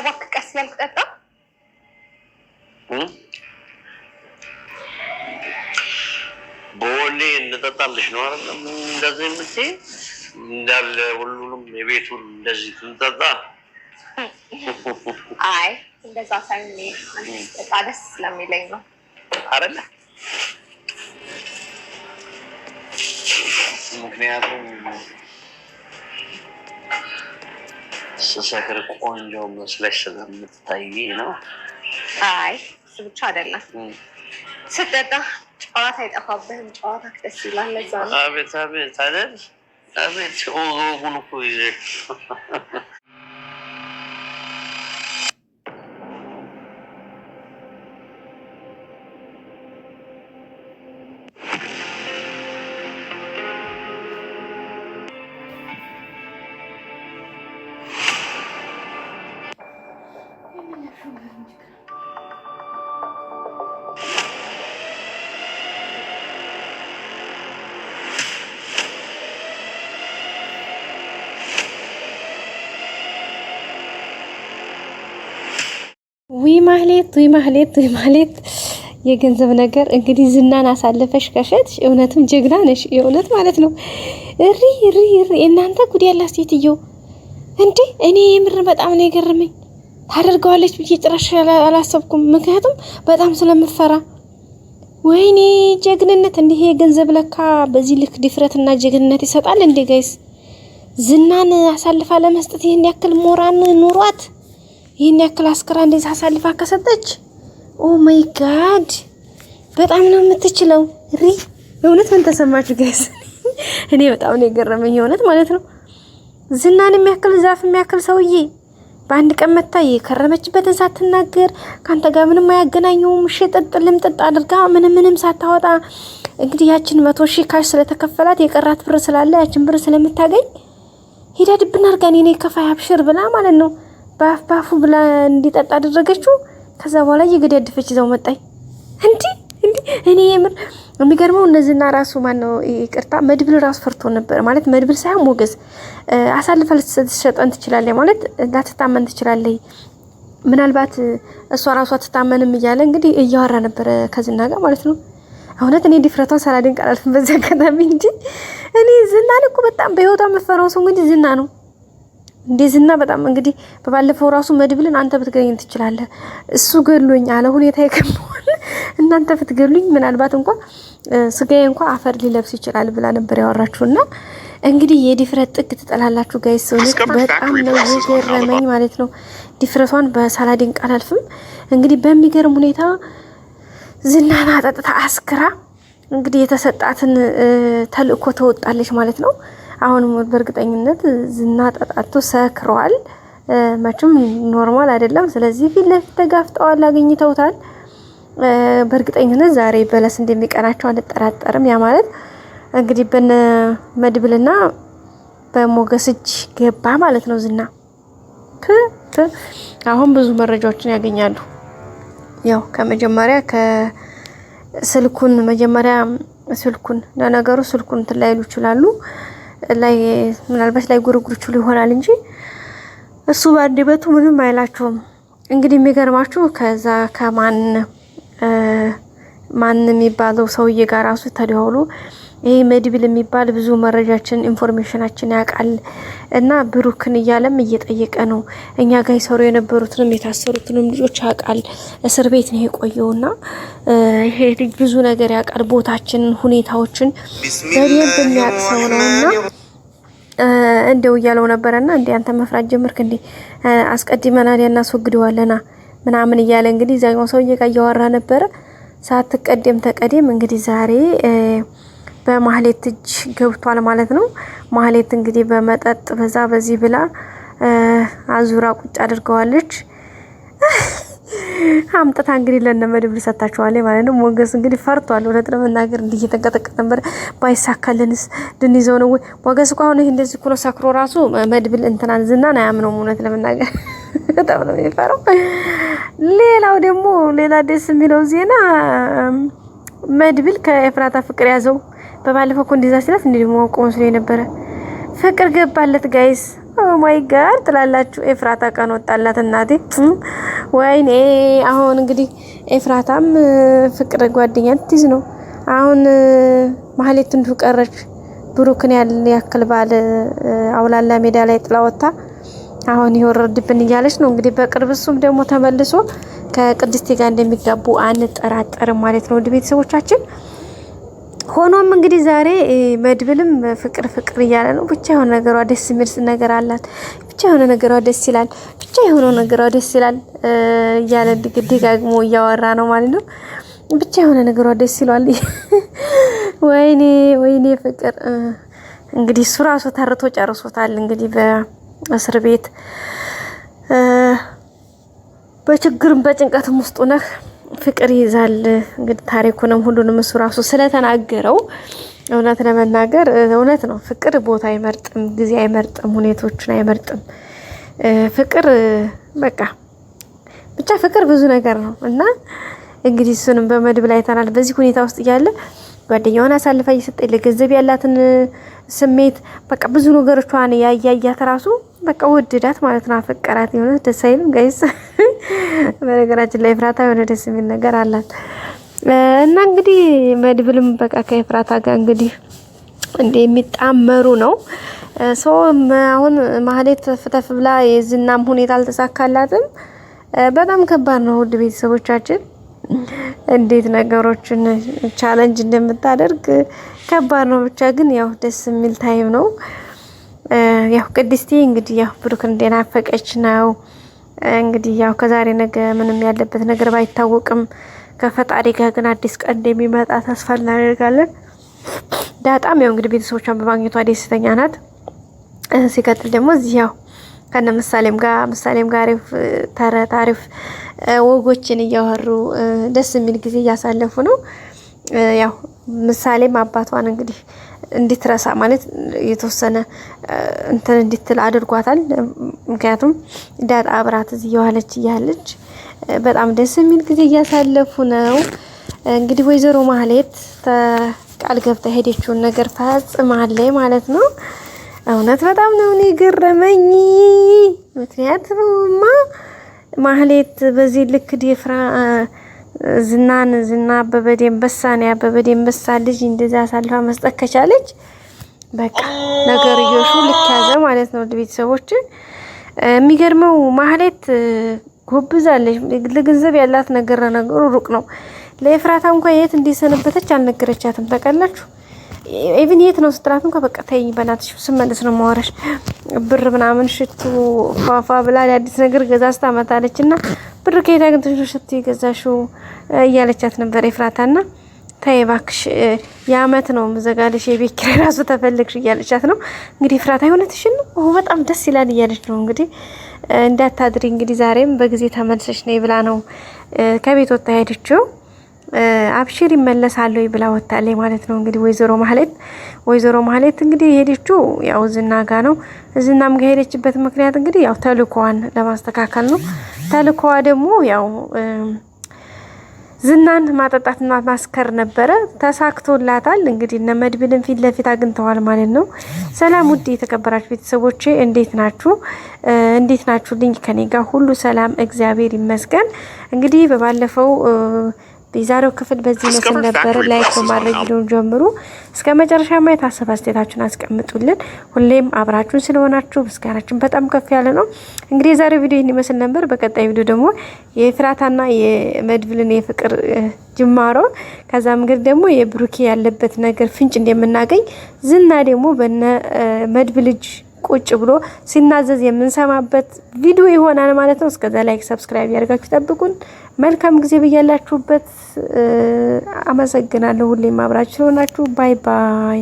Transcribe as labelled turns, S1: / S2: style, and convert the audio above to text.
S1: እባክህ ቀስ እያልክ ጠጣ።
S2: በወሌ እንጠጣልሽ ነው አለ እንደዚህ የምትይ እንዳለ ሁሉንም የቤቱን እንደዚህ ትንጠጣ።
S1: አይ እንደዛ ሳይሆን ጠጣ ደስ ስለሚለኝ ነው
S2: አይደለ? ምክንያቱም ስሰክር ቆንጆ መስለሽ ስለምታይ ነው።
S1: አይ እሱ ብቻ አይደለም፣ ስጠጣ ጨዋታ አይጠፋብህም። ጨዋታ ደስ ይላል። ለዛ
S2: ነው። አቤት አቤት አይደል? አቤት ኦሮሙን እኮ ይዘሽ
S3: ዊ ማህሌት ዊ ማህሌት ዊ ማህሌት የገንዘብ ነገር እንግዲህ ዝናን አሳልፈሽ ከሸጥሽ እውነትም ጀግና ነሽ። የእውነት ማለት ነው። እሪ እሪ እሪ እናንተ ጉድ ያላት ሴትዮ እንዴ! እኔ የምር በጣም ነው የገረመኝ። ታደርገዋለች ብዬ ጭራሽ አላሰብኩም። ምክንያቱም በጣም ስለምፈራ። ወይኔ ጀግንነት! እንዲህ የገንዘብ ለካ በዚህ ልክ ድፍረትና ጀግንነት ይሰጣል እንዴ ጋይስ! ዝናን አሳልፋ ለመስጠት ይህን ያክል ሞራን ኑሯት ይህን ያክል አስክራ እንደዚህ አሳልፋ ከሰጠች፣ ኦ ማይ ጋድ በጣም ነው የምትችለው። ሪ እውነት ምን ተሰማችሁ ጋይስ? እኔ በጣም ነው የገረመኝ የእውነት ማለት ነው። ዝናን የሚያክል ዛፍ የሚያክል ሰውዬ በአንድ ቀን መታ የከረመችበትን ሳትናገር ከአንተ ጋር ምንም አያገናኘውም። ሽጥጥ ልምጥጥ አድርጋ ምንም ምንም ሳታወጣ እንግዲህ ያችን መቶ ሺህ ካሽ ስለተከፈላት የቀራት ብር ስላለ ያችን ብር ስለምታገኝ ሄዳ ድብና አድርጋ እኔ ከፋይ አብሽር ብላ ማለት ነው በአፍ በአፉ ብላ እንዲጠጣ አደረገችው። ከዛ በኋላ እየገዳደፈች ይዘው መጣኝ። እንዲ እንዲ እኔ የምር የሚገርመው እነዚህና ራሱ ማነው ይቅርታ መድብል ራሱ ፈርቶ ነበር ማለት መድብል ሳይሆን ሞገስ አሳልፈ ልትሰጠን ትችላለህ ማለት ላትታመን ትችላለህ ምናልባት እሷ ራሷ አትታመንም እያለ እንግዲህ እያወራ ነበረ ከዝና ጋር ማለት ነው። እውነት እኔ ድፍረቷን ሳላደንቅ አላልፍም በዚህ አጋጣሚ እንጂ እኔ ዝናን እኮ በጣም በህይወቷ መፈራው ሰው እንግዲህ ዝና ነው። እንዴዝና በጣም እንግዲህ በባለፈው ራሱ መድብልን አንተ ብትገኝ ትችላለህ፣ እሱ ገሎኝ አለ ሁኔታ ይከምሆን እናንተ ብትገሉኝ ምናልባት እንኳ ስጋዬ እንኳ አፈር ሊለብስ ይችላል ብላ ነበር ያወራችሁ። እና እንግዲህ የድፍረት ጥግ ትጠላላችሁ ጋይስ። በጣም ነው የገረመኝ ማለት ነው። ድፍረቷን በሳላዲን ቃል አልፍም። እንግዲህ በሚገርም ሁኔታ ዝናና ጠጥታ አስክራ እንግዲህ የተሰጣትን ተልእኮ ተወጣለች ማለት ነው። አሁን በእርግጠኝነት ዝና ጠጣቶ ሰክሯል። መቼም ኖርማል አይደለም። ስለዚህ ፊት ለፊት ተጋፍጠዋል፣ አግኝተውታል። በእርግጠኝነት ዛሬ በለስ እንደሚቀናቸው አንጠራጠርም። ያ ማለት እንግዲህ በነ መድብልና በሞገስ እጅ ገባ ማለት ነው ዝና። አሁን ብዙ መረጃዎችን ያገኛሉ። ያው ከመጀመሪያ ከስልኩን መጀመሪያ ስልኩን ለነገሩ ስልኩን እንትን ላይሉ ይችላሉ። ላይ ምናልባት ላይ ጉርጉር ይሆናል እንጂ እሱ በቱ ምንም አይላቸውም። እንግዲህ የሚገርማችሁ ከዛ ከማን ማን የሚባለው ሰውዬ ጋር ራሱ ተደዋውሎ ይሄ መድብል የሚባል ብዙ መረጃችን ኢንፎርሜሽናችን ያውቃል እና ብሩክን እያለም እየጠየቀ ነው። እኛ ጋር ይሰሩ የነበሩትንም የታሰሩትንም ልጆች ያውቃል። እስር ቤት ነው የቆየውና ይሄ ልጅ ብዙ ነገር ያውቃል። ቦታችንን፣ ሁኔታዎችን በደንብ የሚያውቅ ሰው እና እንደው እያለው ነበረና እንዴ አንተ መፍራት ጀምርክ እንዴ አስቀድመናል ያናስወግደዋለና ምናምን እያለ እንግዲህ እዚያኛው ሰውዬ ጋር እያወራ ነበረ። ሳትቀደም ተቀደም እንግዲህ ዛሬ በማህሌት እጅ ገብቷል ማለት ነው። ማህሌት እንግዲህ በመጠጥ በዛ በዚህ ብላ አዙራ ቁጭ አድርገዋለች። አምጥታ እንግዲህ ለነ መድብል ሰታችኋል ማለት ነው። ሞገስ እንግዲህ ፈርቷል። እውነት ለመናገር እንዲህ እየተንቀጠቀጠ ነበር። ባይሳካልንስ ልንይዘው ነው ወይ? ሞገስ እኮ አሁን ይህ እንደዚህ ኩሎ ሰክሮ ራሱ መድብል እንትናን ዝናን አያምነውም። እውነት ለመናገር በጣም ነው የሚፈራው። ሌላው ደግሞ ሌላ ደስ የሚለው ዜና መድብል ከኤፍራታ ፍቅር ያዘው። በባለፈው እኮ እንዲዛ ሲላት እንዲህ ደግሞ አውቆ የነበረ ፍቅር ገባለት ጋይስ ኦማይ oh ጋድ ትላላችሁ። ኤፍራታ ቀን ወጣላት እናቴ። ወይኔ አሁን እንግዲህ ኤፍራታም ፍቅር ጓደኛ ትይዝ ነው። አሁን ማህሌት እንዲሁ ቀረች። ብሩክን ያክል ባል አውላላ ሜዳ ላይ ጥላ ወጥታ አሁን ይወረድብን እያለች ነው እንግዲህ በቅርብ እሱም ደግሞ ተመልሶ ከቅድስቴ ጋር እንደሚጋቡ አንጠራጠርም ማለት ነው ውድ ቤተሰቦቻችን። ሆኖም እንግዲህ ዛሬ መድብልም ፍቅር ፍቅር እያለ ነው። ብቻ የሆነ ነገሯ ደስ የሚል ነገር አላት። ብቻ የሆነ ነገሯ ደስ ይላል። ብቻ የሆነ ነገሯ ደስ ይላል እያለ ደጋግሞ እያወራ ነው ማለት ነው። ብቻ የሆነ ነገሯ ደስ ይሏል። ወይኔ ወይኔ ፍቅር እንግዲህ እሱ ራሱ ተርቶ ጨርሶታል። እንግዲህ በእስር ቤት በችግርም በጭንቀትም ውስጡ ነህ ፍቅር ይይዛል። እንግዲህ ታሪኩንም ሁሉንም እሱ ራሱ ስለተናገረው እውነት ለመናገር እውነት ነው። ፍቅር ቦታ አይመርጥም፣ ጊዜ አይመርጥም፣ ሁኔቶችን አይመርጥም። ፍቅር በቃ ብቻ ፍቅር ብዙ ነገር ነው እና እንግዲህ እሱንም በመድብ ላይ ተናል በዚህ ሁኔታ ውስጥ እያለ ጓደኛዋን አሳልፋ እየሰጠች ለገንዘብ ያላትን ስሜት በቃ ብዙ ነገሮቿን ያያያት ራሱ በቃ ወደዳት ማለት ነው። አፈቀራት። የሆነ ደስ አይልም ጋይስ? በነገራችን ላይ ፍራታ የሆነ ደስ የሚል ነገር አላት እና እንግዲህ መድብልም በቃ ከፍራታ ጋር እንግዲህ እንዴ የሚጣመሩ ነው። ሶ አሁን ማህሌት ፍተፍ ብላ የዝናም ሁኔታ አልተሳካላትም። በጣም ከባድ ነው ውድ ቤተሰቦቻችን። እንዴት ነገሮችን ቻለንጅ እንደምታደርግ ከባድ ነው። ብቻ ግን ያው ደስ የሚል ታይም ነው። ያው ቅድስቴ እንግዲህ ያው ብሩክ እንደናፈቀች ነው እንግዲህ ያው ከዛሬ ነገ ምንም ያለበት ነገር ባይታወቅም ከፈጣሪ ጋር ግን አዲስ ቀን እንደሚመጣ ተስፋ እናደርጋለን። ዳጣም ያው እንግዲህ ቤተሰቦቿን በማግኘቷ ደስተኛ ናት። ሲቀጥል ደግሞ እዚህ ያው ከነ ምሳሌም ጋር ምሳሌም ጋር አሪፍ ተረት አሪፍ ወጎችን እያወሩ ደስ የሚል ጊዜ እያሳለፉ ነው። ያው ምሳሌም አባቷን እንግዲህ እንድትረሳ ማለት የተወሰነ እንትን እንድትል አድርጓታል። ምክንያቱም ዳጣ አብራት እዚህ የዋለች እያለች በጣም ደስ የሚል ጊዜ እያሳለፉ ነው። እንግዲህ ወይዘሮ ማህሌት ቃል ገብታ ሄደችውን ነገር ፈጽማለች ማለት ነው። እውነት በጣም ነው እኔ ገረመኝ። ምክንያቱምማ ማህሌት በዚህ ልክ ዲፍራ ዝናን ዝና አበበ ደንበሳ ነው ያበበ ደንበሳ ልጅ እንደዛ አሳልፋ መስጠት ከቻለች በቃ ነገርዮሹ ልክ ያዘ ማለት ነው። ቤተሰቦች የሚገርመው ማህሌት ጎብዛለች። ለገንዘብ ያላት ነገር ነገሩ ሩቅ ነው። ለኤፍራታ እንኳን የት እንደሰነበተች አልነገረቻትም። ታውቃላችሁ ኢቭን የት ነው ስትላት እንኳ በቃ ተይኝ በናትሽ ስመለስ ነው ማወራሽ ብር ምናምን ሽቱ ፏፏ ብላ አዲስ ነገር ገዛ ስታመጣለች እና ብር ከሄዳ ግን ትንሽ ሽቱ የገዛሽው እያለቻት ነበር ኤፍራታና ተይ እባክሽ የአመት ነው ምዘጋለሽ የቤት ኪራይ ራሱ ተፈልግሽ እያለቻት ነው እንግዲህ ኤፍራታ የሆነትሽን ነው በጣም ደስ ይላል እያለች ነው እንግዲህ እንዳታድሪ እንግዲህ ዛሬም በጊዜ ተመልሰሽ ነይ ብላ ነው ከቤት ወጥታ ሄደችው አብሽር ይመለሳለሁ ብላ ወታለች ማለት ነው። እንግዲህ ወይዘሮ ማህሌት ወይዘሮ ማህሌት እንግዲህ የሄደችው ያው ዝና ጋ ነው። ዝናም ሄደችበት ምክንያት እንግዲህ ያው ተልኮዋን ለማስተካከል ነው። ተልኮዋ ደግሞ ያው ዝናን ማጠጣትና ማስከር ነበረ። ተሳክቶላታል። እንግዲህ እነ መድብልን ፊት ለፊት አግኝተዋል ማለት ነው። ሰላም ውድ የተከበራችሁ ቤተሰቦቼ እንዴት ናችሁ? እንዴት ናችሁ ልኝ ከኔ ጋር ሁሉ ሰላም፣ እግዚአብሔር ይመስገን። እንግዲህ በባለፈው የዛሬው ክፍል በዚህ መስል ነበረ። ላይክ በማድረግ ቪዲዮን ጀምሩ እስከ መጨረሻ ማየት፣ ሀሳብ አስተያየታችሁን አስቀምጡልን። ሁሌም አብራችሁን ስለሆናችሁ ምስጋናችን በጣም ከፍ ያለ ነው። እንግዲህ የዛሬው ቪዲዮ ይህን ይመስል ነበር። በቀጣይ ቪዲዮ ደግሞ የፍራታና የመድብልን የፍቅር ጅማሮ ከዛም እንግዲህ ደግሞ የብሩኬ ያለበት ነገር ፍንጭ እንደምናገኝ ዝና ደግሞ በነ መድብል እጅ ቁጭ ብሎ ሲናዘዝ የምንሰማበት ቪዲዮ ይሆናል ማለት ነው። እስከዛ ላይክ፣ ሰብስክራይብ ያደርጋችሁ ጠብቁን። መልካም ጊዜ ብያላችሁበት። አመሰግናለሁ ሁሌም አብራችሁ ስለሆናችሁ። ባይ ባይ